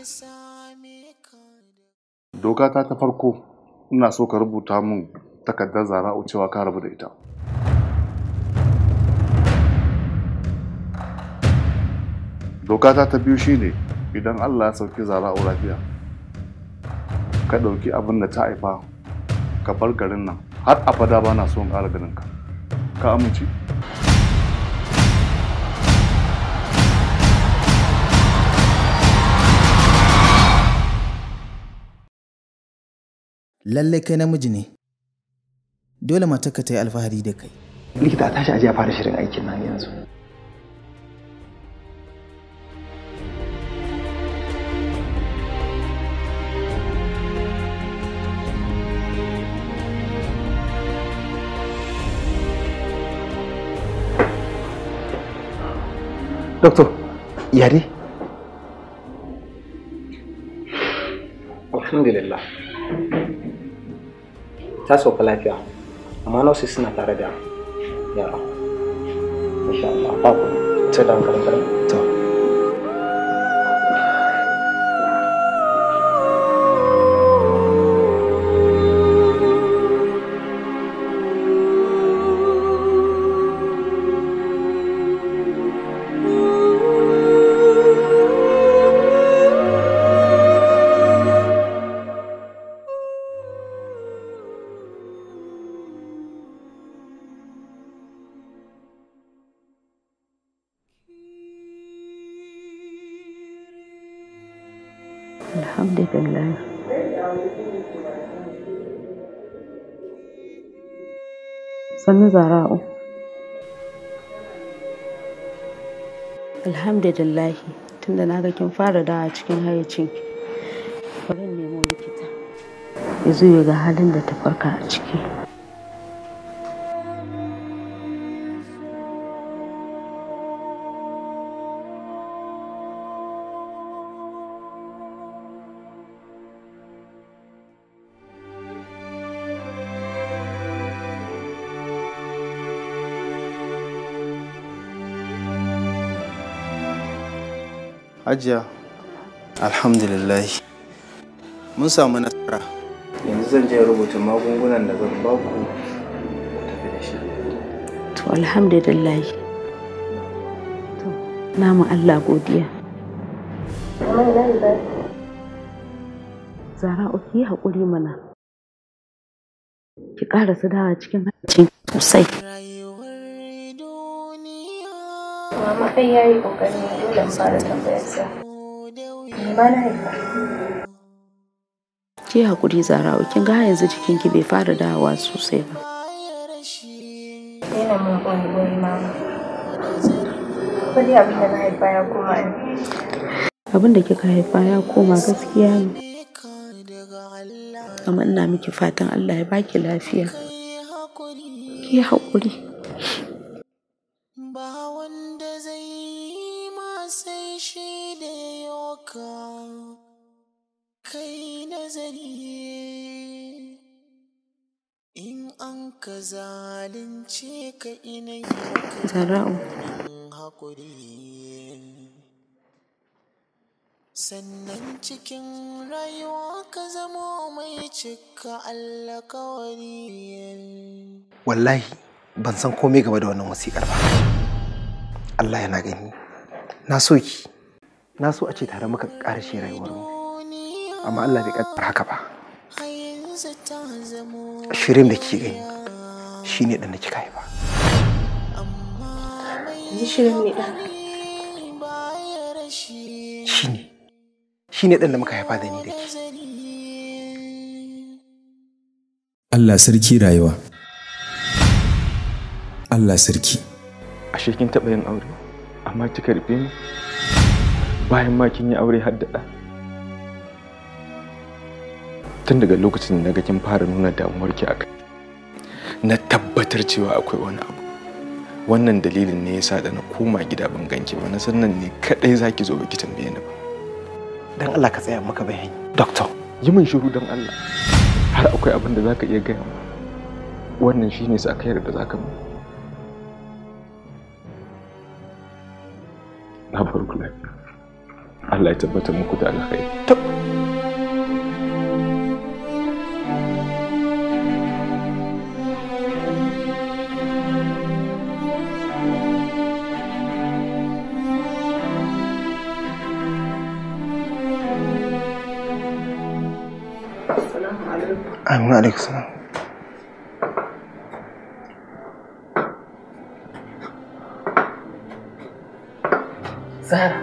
Doka ta ta farko ina so ka rubuta min takardar zara'u cewa ka rabu da ita. dokata ta biyu shine idan allah ya sauki zara'u lafiya ka ɗauki abin da ta haifa ka bar garin nan har abada ba na son ƙara ganin ka ka amince lallai kai namiji ne dole mata ta yi alfahari da kai likita a tashi aji a fara shirin aikin nan yanzu Doctor, ya dai? Alhamdulillah. Ta sauka lafiya, amma nausi suna tare da yara. Insha Allah, ba ku. Ta sannu zara'u alhamdulillahi tunda na ga kin fara da a cikin hayacin bari nemo likita ya zo ga halin da ta farka a ciki ajiya alhamdulillah mun samu nasara yanzu zan je rubuta magungunan da zan ba ku to alhamdulillah to namu Allah godiya zara ki haƙuri mana ki ƙara dawa cikin hancin sosai kaɗai ya yi ƙoƙari dole in fara tambayarsa. Me na haifa? Ki haƙuri Zara'u, kin ga yanzu ki bai fara dawowa sosai ba. Yana mun ɓoye wani mama. Wani abin da na haifa ya koma ne. Abin da kika haifa ya koma gaskiya ne. Amma ina miki fatan Allah ya baki lafiya. Ki haƙuri. ka zalunce ka inayyaka sannan cikin rayuwa ka zamo mai cika allakawari wallahi ban san komai game da wannan wasiƙar ba Allah yana gani na so ki na so a ce tare muka ƙarashe rayuwarmu amma Allah bai ƙarfi haka ba shirin da ke gani shi ne da kika haifa shirin ne dan Shi ne dan da muka haifa da ni da ke Allah sarki rayuwa Allah sarki ashe kin taɓa yin aure amma kika rufe mu bayan ma kin yi aure har da tun daga lokacin da naga kin fara nuna damuwarki kai. na tabbatar cewa akwai wani abu wannan dalilin ne yasa da na koma gida ban ganke ba na san nan ne kadai zaki zo baki tambaye ni ba dan Allah ka tsaya maka bayani doctor yi min shiru dan Allah har akwai abin da zaka iya gaya mu wannan shine kai da zaka mu na farko lafiya Allah ya tabbatar muku da alkhairi Amin alaikum salam.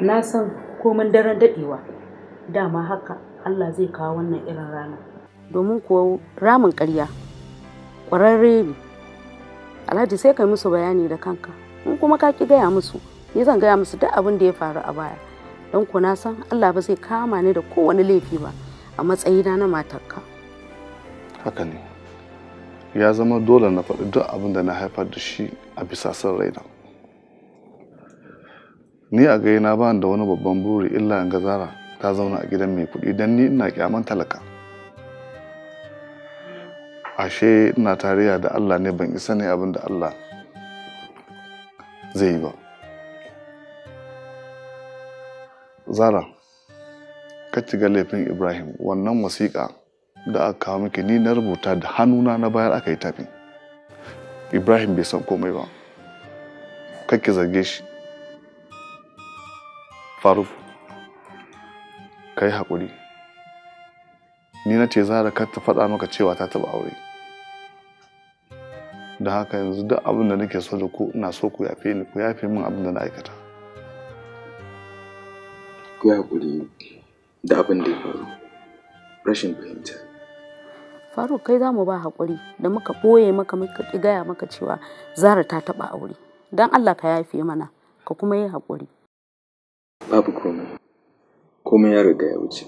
Na san komin daren daɗewa. dama haka Allah zai kawo wannan irin rana domin kuwa ramin ƙarya ƙwararre ne alhaji sai ka yi musu bayani da kanka in kuma ka ki gaya musu ni zan gaya musu duk abin da ya faru a baya don ku na san Allah ba zai kama ni da kowane laifi ba a matsayina na matarka haka ne ya zama dole na faɗi duk abin da na haifar da shi a bisa son raina ni a gaina ba da wani babban buri illa in ga zara ta zauna a gidan mai kuɗi don ni ina kyaman talaka ashe ina tariya da allah ne ban isa ne abin da allah zai yi ba zara ka ga laifin ibrahim wannan wasiƙa da aka kawo miki ni na rubuta da hannuna na bayar aka yi tafi ibrahim bai san komai ba kake zarge shi faruk ka yi haƙuri ni na ce zara ka ta faɗa maka cewa ta taɓa aure da haka yanzu duk abin da nake so da ku ina so ku yafe ni ku yafe min abin da na aikata ku haƙuri da abin da ya faru rashin fahimta faruk kai za mu ba haƙuri da muka ɓoye maka muka kigaya gaya maka cewa zara ta taɓa aure don allah ka yafe mana ka kuma yi haƙuri babu komai komai ya riga ya wuce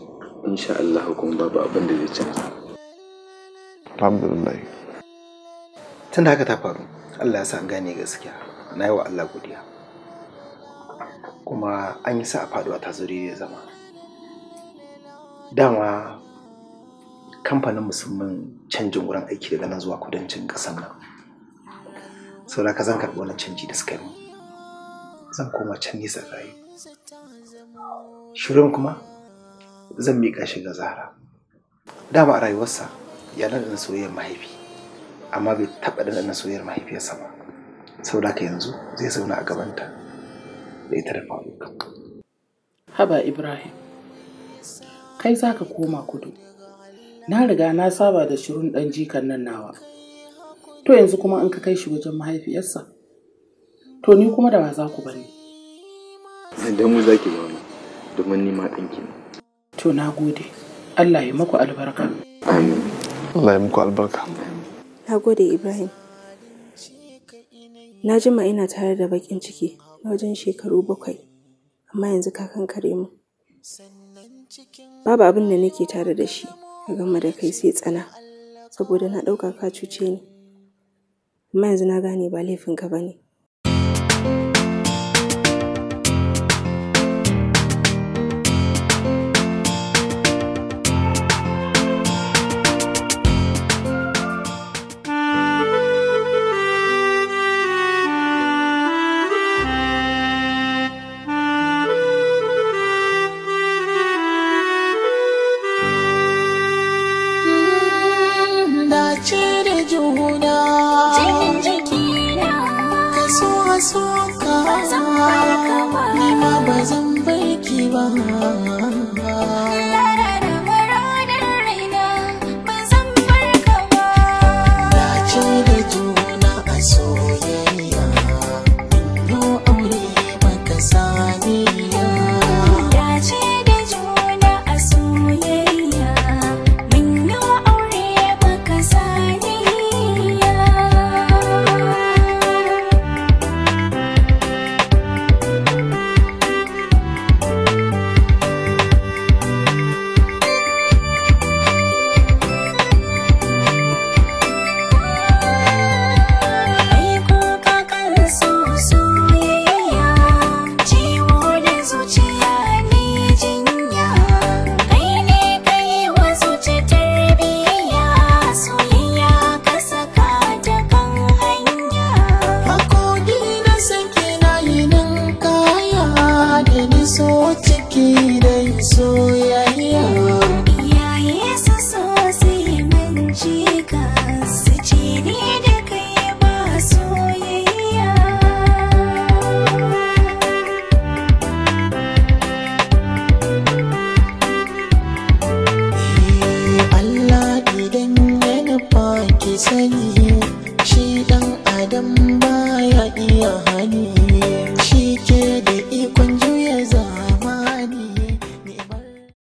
insha Allah kuma babu abin da zai canza alhamdulillah tun da haka ta faru Allah ya sa gane gaskiya na yi wa Allah godiya kuma an yi sa a faduwa ta zuri ya zama dama kamfanin musamman canjin wurin aiki daga nan zuwa kudancin ƙasar nan saboda ka zan karɓi wannan canji da suka yi zan koma can nisa rayu shirin kuma zan mika shi ga zahra dama a rayuwarsa ya ɗanɗana soyayyar mahaifi amma bai taɓa ɗanɗana soyayyar mahaifiyarsa ba saboda ka yanzu zai zauna a gabanta da ita da faruk haba ibrahim kai za ka koma kudu na riga na saba da shirin ɗan jikan nan nawa to yanzu kuma in ka kai shi wajen mahaifiyarsa to ni kuma da ba za ku bani da mu za ki zauna domin nima ɗinki to na gode allah ya maku albarka amin allah ya maku albarka na gode ibrahim na jima ina tare da bakin ciki na wajen shekaru bakwai amma yanzu kakan kare mu babu abin da nake tare da shi a gama da kai sai tsana saboda na ɗauka ka cuce ni amma yanzu na gane ba laifinka ba ne